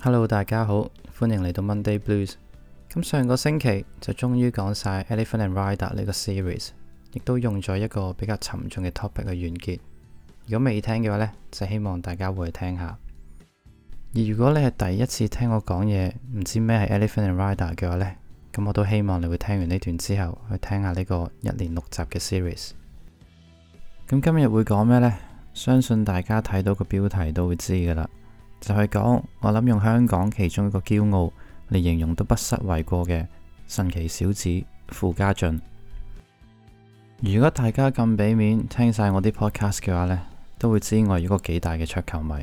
Hello，大家好，歡迎嚟到 Monday Blues。咁上個星期就終於講晒 Elephant and Rider 呢個 series，亦都用咗一個比較沉重嘅 topic 去完結。如果未聽嘅話呢，就希望大家會去聽下。而如果你係第一次聽我講嘢，唔知咩係 Elephant and Rider 嘅話呢，咁我都希望你會聽完呢段之後去聽下呢個一年六集嘅 series。咁今日會講咩呢？相信大家睇到個標題都會知噶啦。就係講，我諗用香港其中一個驕傲嚟形容都不失為過嘅神奇小子傅家俊。如果大家咁俾面聽晒我啲 podcast 嘅話呢，都會知我有一個幾大嘅桌球迷，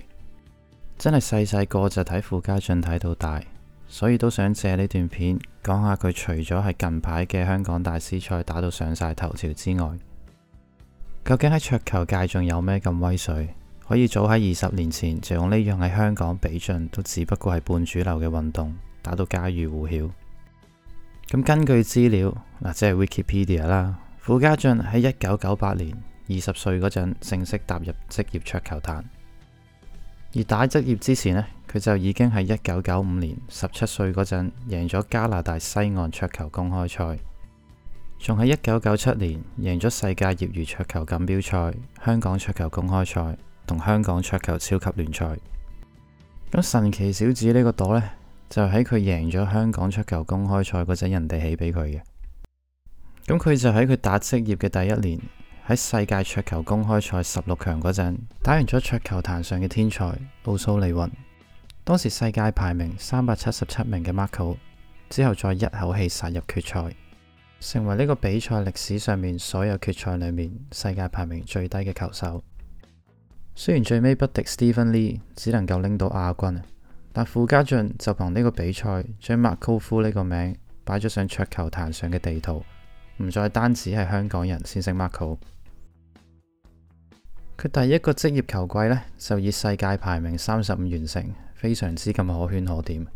真係細細個就睇傅家俊睇到大，所以都想借呢段片講下佢除咗係近排嘅香港大師賽打到上晒頭條之外，究竟喺桌球界仲有咩咁威水？可以早喺二十年前就用呢樣喺香港比盡，都只不過係半主流嘅運動，打到家喻戶曉。咁根據資料嗱，即係 Wikipedia 啦。傅家俊喺一九九八年二十歲嗰陣，正式踏入職業桌球壇。而打職業之前呢，佢就已經喺一九九五年十七歲嗰陣贏咗加拿大西岸桌球公開賽，仲喺一九九七年贏咗世界業餘桌球錦標賽、香港桌球公開賽，同香港桌球超級聯賽。咁神奇小子呢個朵呢，就喺佢贏咗香港桌球公開賽嗰陣，人哋起俾佢嘅。咁佢就喺佢打職業嘅第一年，喺世界桌球公開賽十六強嗰陣，打完咗桌球壇上嘅天才奧蘇利雲、當時世界排名三百七十七名嘅 Marco 之後，再一口氣殺入決賽，成為呢個比賽歷史上面所有決賽裏面世界排名最低嘅球手。雖然最尾不敵 Stephen Lee，只能夠拎到亞軍，但傅家俊就憑呢個比賽，將 Marco 夫，呢個名擺咗上桌球壇上嘅地圖，唔再單止係香港人先識 Marco。佢第一個職業球季呢，就以世界排名三十五完成，非常之咁可圈可點。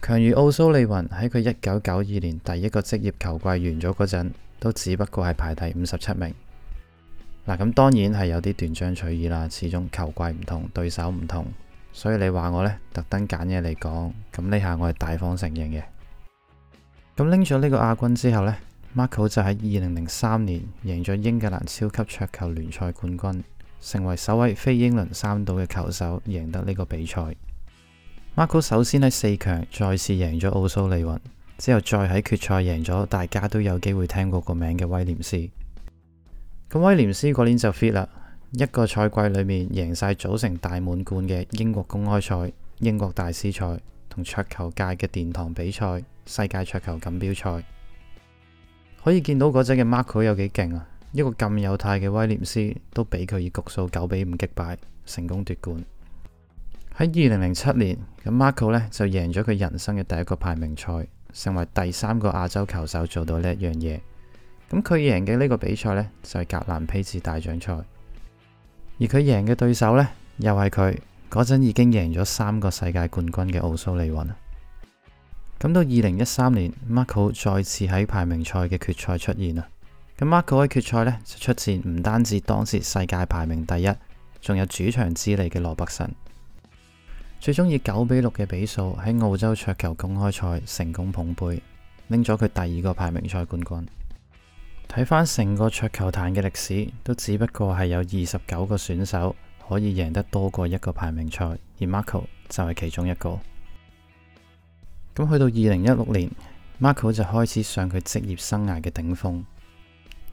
強如奧蘇利雲喺佢一九九二年第一個職業球季完咗嗰陣，都只不過係排第五十七名。嗱，咁當然係有啲斷章取義啦，始終球季唔同，對手唔同，所以你話我呢特登揀嘢嚟講，咁呢下我係大方承認嘅。咁拎咗呢個亞軍之後呢，Marco 就喺二零零三年贏咗英格蘭超級桌球聯賽冠軍，成為首位非英倫三島嘅球手贏得呢個比賽。Marco 首先喺四強再次贏咗奧蘇利雲，之後再喺決賽贏咗大家都有機會聽過個名嘅威廉斯。咁威廉斯嗰年就 fit 啦，一個賽季裏面贏晒組成大滿貫嘅英國公開賽、英國大師賽同桌球界嘅殿堂比賽世界桌球錦標賽，可以見到嗰陣嘅 Marco 有幾勁啊！一個咁有態嘅威廉斯都俾佢以局數九比五擊敗，成功奪冠。喺二零零七年，咁 Marco 咧就贏咗佢人生嘅第一個排名賽，成為第三個亞洲球手做到呢一樣嘢。咁佢贏嘅呢個比賽呢，就係、是、格蘭披治大獎賽。而佢贏嘅對手呢，又係佢嗰陣已經贏咗三個世界冠軍嘅奧蘇利雲。咁到二零一三年，Marco 再次喺排名賽嘅決賽出現啊。咁 Marco 喺決賽呢，就出現，唔單止當時世界排名第一，仲有主場之利嘅羅伯遜，最終以九比六嘅比數喺澳洲桌球公開賽成功捧杯，拎咗佢第二個排名賽冠軍。睇翻成個桌球壇嘅歷史，都只不過係有二十九個選手可以贏得多過一個排名賽，而 Marco 就係其中一個。咁去到二零一六年，Marco 就開始上佢職業生涯嘅頂峰。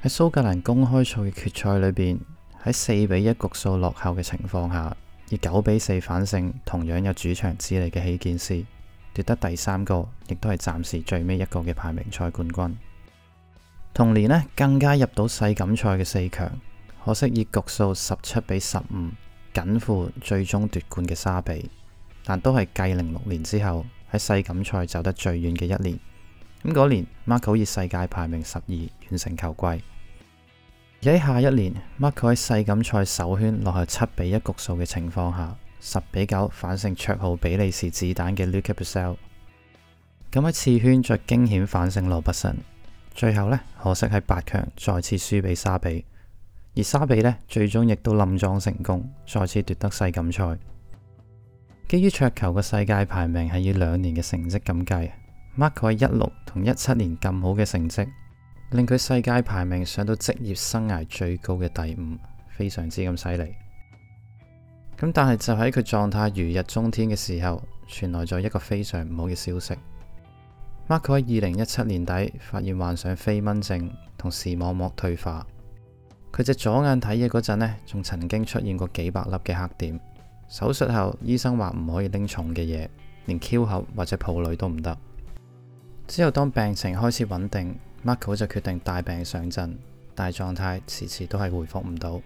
喺蘇格蘭公開賽嘅決賽裏邊，喺四比一局數落後嘅情況下，以九比四反勝同樣有主場之利嘅希堅斯，奪得第三個，亦都係暫時最尾一個嘅排名賽冠軍。同年咧，更加入到世錦賽嘅四強，可惜以局數十七比十五，僅負最終奪冠嘅沙比。但都係繼零六年之後喺世錦賽走得最遠嘅一年。咁嗰年，Marco 以世界排名十二完成球季。而喺下一年，Marco 喺世錦賽首圈落後七比一局數嘅情況下，十比九反勝綽號比利時子彈嘅 Luca Brecel。咁喺次圈，再驚險反勝羅伯遜。最後呢，可惜喺八強再次輸俾沙比，而沙比呢，最終亦都冧莊成功，再次奪得世錦賽。基於桌球嘅世界排名係以兩年嘅成績咁計，Marco 喺一六同一七年咁好嘅成績，令佢世界排名上到職業生涯最高嘅第五，非常之咁犀利。咁但係就喺佢狀態如日中天嘅時候，傳來咗一個非常唔好嘅消息。Marco 喺二零一七年底發現患上飛蚊症同視網膜退化，佢隻左眼睇嘢嗰陣呢，仲曾經出現過幾百粒嘅黑點。手術後，醫生話唔可以拎重嘅嘢，連 Q 盒或者抱女都唔得。之後當病情開始穩定，Marco 就決定帶病上陣，但係狀態遲遲都係回復唔到。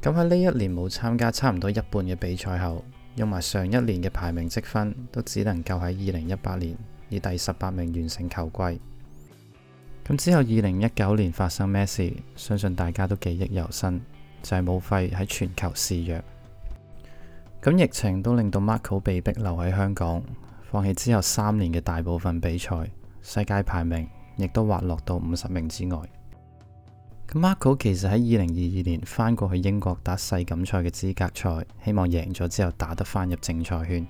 咁喺呢一年冇參加差唔多一半嘅比賽後，用埋上一年嘅排名積分，都只能夠喺二零一八年，以第十八名完成球季，咁之後二零一九年發生咩事？相信大家都記憶猶新，就係武肺喺全球肆虐，咁疫情都令到 Marco 被逼留喺香港，放棄之後三年嘅大部分比賽，世界排名亦都滑落到五十名之外。咁 Marco 其實喺二零二二年翻過去英國打世錦賽嘅資格賽，希望贏咗之後打得翻入正賽圈。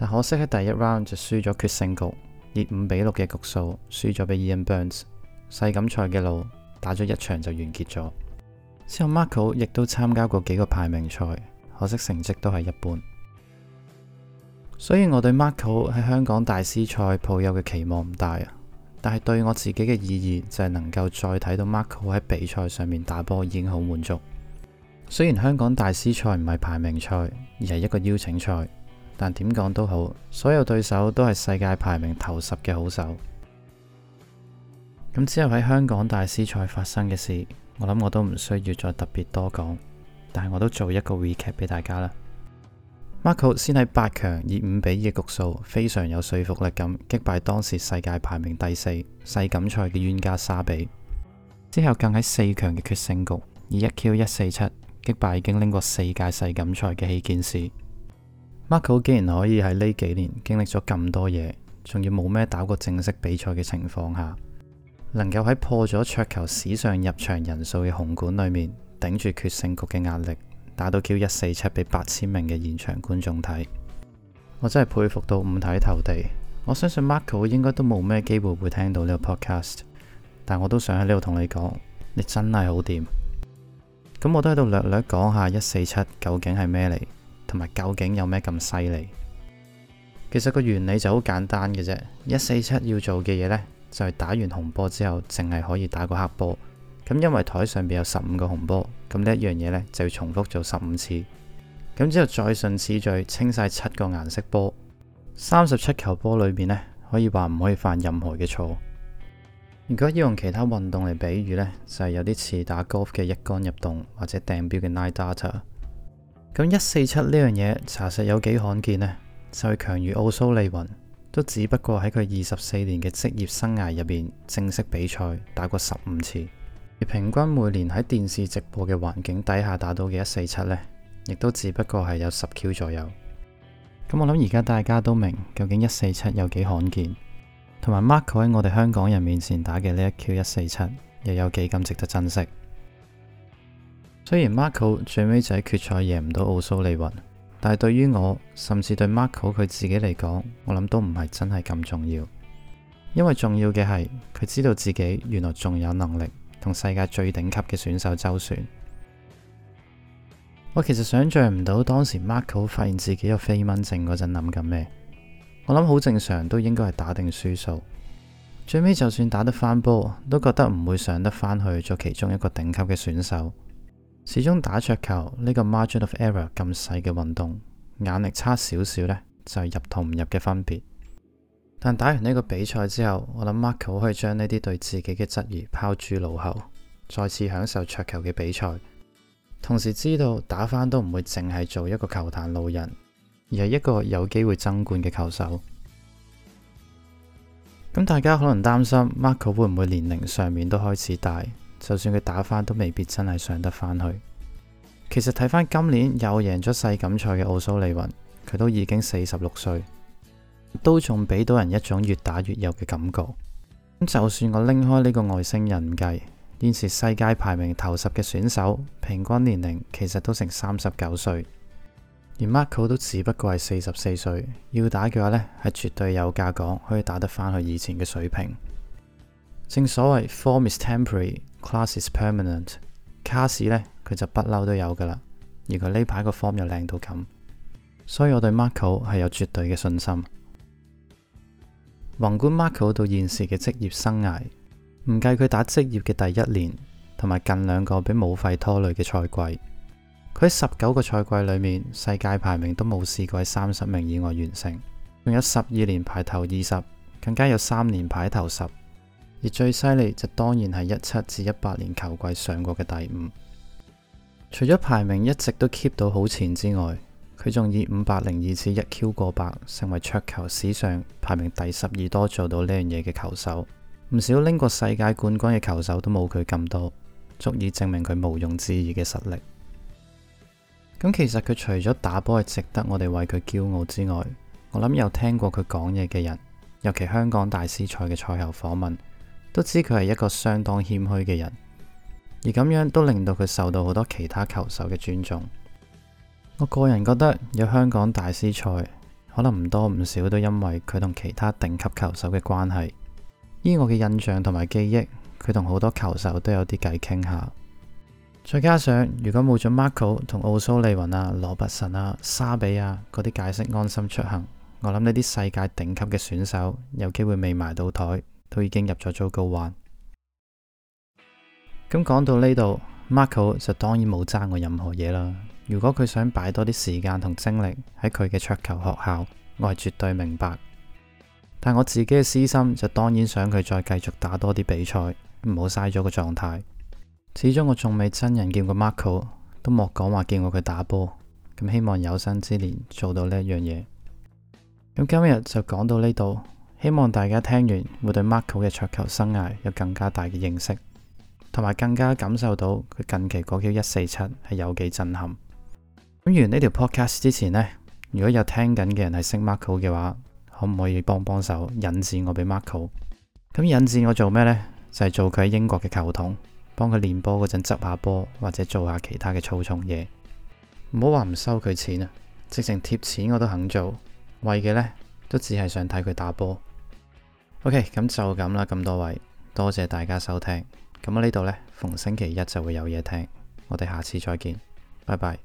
但可惜喺第一 round 就輸咗決勝局，以五比六嘅局數輸咗俾 Ian Burns。世錦賽嘅路打咗一場就完結咗。之後 Marco 亦都參加過幾個排名賽，可惜成績都係一般。所以我對 Marco 喺香港大師賽抱有嘅期望唔大啊。但係對我自己嘅意義就係能夠再睇到 Marco 喺比賽上面打波已經好滿足。雖然香港大師賽唔係排名賽，而係一個邀請賽。但點講都好，所有對手都係世界排名頭十嘅好手。咁之後喺香港大師賽發生嘅事，我諗我都唔需要再特別多講，但係我都做一個 recap 俾大家啦。Marco 先喺八強以五比二嘅局數非常有說服力咁擊敗當時世界排名第四、世錦賽嘅冤家沙比，之後更喺四強嘅決勝局以一 Q 一四七擊敗已經拎過四屆世錦賽嘅希健士。Marco 竟然可以喺呢幾年經歷咗咁多嘢，仲要冇咩打過正式比賽嘅情況下，能夠喺破咗桌球史上入場人數嘅紅館裏面，頂住決勝局嘅壓力，打到叫一四七俾八千名嘅現場觀眾睇，我真係佩服到五體投地。我相信 Marco 應該都冇咩機會會聽到呢個 podcast，但我都想喺呢度同你講，你真係好掂。咁我都喺度略略講下一四七究竟係咩嚟。同埋，究竟有咩咁犀利？其實個原理就好簡單嘅啫。一四七要做嘅嘢呢，就係打完紅波之後，淨係可以打個黑波。咁因為台上邊有十五個紅波，咁呢一樣嘢呢，就要重複做十五次。咁之後再順次序清晒七個顏色波。三十七球波裏面呢，可以話唔可以犯任何嘅錯。如果要用其他運動嚟比喻呢，就係有啲似打 golf 嘅一杆入洞，或者掟標嘅 nine data。咁一四七呢樣嘢，查實有幾罕見呢？就係強如奧蘇利雲，都只不過喺佢二十四年嘅職業生涯入邊正式比賽打過十五次，而平均每年喺電視直播嘅環境底下打到嘅一四七呢，亦都只不過係有十 Q 左右。咁我諗而家大家都明，究竟一四七有幾罕見，同埋 Marco 喺我哋香港人面前打嘅呢一 Q 一四七，又有幾咁值得珍惜。雖然 Marco 最尾就喺決賽贏唔到奧蘇利雲，但係對於我，甚至對 Marco 佢自己嚟講，我諗都唔係真係咁重要，因為重要嘅係佢知道自己原來仲有能力同世界最頂級嘅選手周旋。我其實想象唔到當時 Marco 發現自己有飛蚊症嗰陣諗緊咩？我諗好正常，都應該係打定輸數，最尾就算打得翻波，都覺得唔會上得翻去做其中一個頂級嘅選手。始終打桌球呢個 margin of error 咁細嘅運動，眼力差少少呢，就係入同唔入嘅分別。但打完呢個比賽之後，我諗 Marco 可以將呢啲對自己嘅質疑拋諸腦後，再次享受桌球嘅比賽，同時知道打翻都唔會淨係做一個球壇老人，而係一個有機會爭冠嘅球手。咁大家可能擔心 Marco 會唔會年齡上面都開始大？就算佢打翻，都未必真係上得翻去。其實睇翻今年又贏咗世錦賽嘅奧蘇利雲，佢都已經四十六歲，都仲俾到人一種越打越有嘅感覺。咁就算我拎開呢個外星人計，現時世界排名頭十嘅選手平均年齡其實都成三十九歲，而 Marco 都只不過係四十四歲，要打嘅話呢，係絕對有價講，可以打得翻去以前嘅水平。正所謂 form is temporary。Class is permanent，卡士呢，佢就不嬲都有噶啦，而佢呢排個 form 又靚到咁，所以我對 Marco 係有絕對嘅信心。宏觀 Marco 到現時嘅職業生涯，唔計佢打職業嘅第一年，同埋近兩個俾武肺拖累嘅賽季，佢喺十九個賽季裏面，世界排名都冇試過喺三十名以外完成，仲有十二年排頭二十，更加有三年排頭十。而最犀利就當然係一七至一八年球季上過嘅第五，除咗排名一直都 keep 到好前之外，佢仲以五百零二次一 Q 過百，成為桌球史上排名第十二多做到呢樣嘢嘅球手。唔少拎過世界冠軍嘅球手都冇佢咁多，足以證明佢毋庸置疑嘅實力。咁其實佢除咗打波係值得我哋為佢驕傲之外，我諗有聽過佢講嘢嘅人，尤其香港大師賽嘅賽後訪問。都知佢係一個相當謙虛嘅人，而咁樣都令到佢受到好多其他球手嘅尊重。我個人覺得有香港大師賽可能唔多唔少都因為佢同其他頂級球手嘅關係。依我嘅印象同埋記憶，佢同好多球手都有啲偈傾下。再加上如果冇咗 Marco 同奧蘇利雲啊、羅拔臣啊、沙比啊嗰啲解釋安心出行，我諗呢啲世界頂級嘅選手有機會未埋到枱。都已經入咗糟糕環。咁講到呢度，Marco 就當然冇爭我任何嘢啦。如果佢想擺多啲時間同精力喺佢嘅桌球學校，我係絕對明白。但我自己嘅私心就當然想佢再繼續打多啲比賽，唔好嘥咗個狀態。始終我仲未真人見過 Marco，都莫講話見過佢打波。咁希望有生之年做到呢一樣嘢。咁今日就講到呢度。希望大家聽完會對 Marco 嘅桌球生涯有更加大嘅認識，同埋更加感受到佢近期嗰條一四七係有幾震撼。咁完呢條 podcast 之前呢，如果有聽緊嘅人係識 Marco 嘅話，可唔可以幫幫手引薦我俾 Marco？咁引薦我做咩呢？就係、是、做佢喺英國嘅球童，幫佢練波嗰陣執下波，或者做下其他嘅粗重嘢。唔好話唔收佢錢啊，直情貼錢我都肯做。為嘅呢都只係想睇佢打波。OK，咁就咁啦，咁多位，多謝大家收聽。咁我呢度呢，逢星期一就會有嘢聽。我哋下次再見，拜拜。